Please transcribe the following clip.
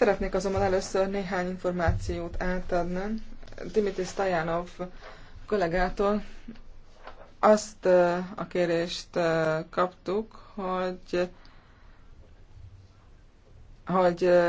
Szeretnék azonban először néhány információt átadni. Dimitris Tajanov kollégától azt a kérést kaptuk, hogy hogy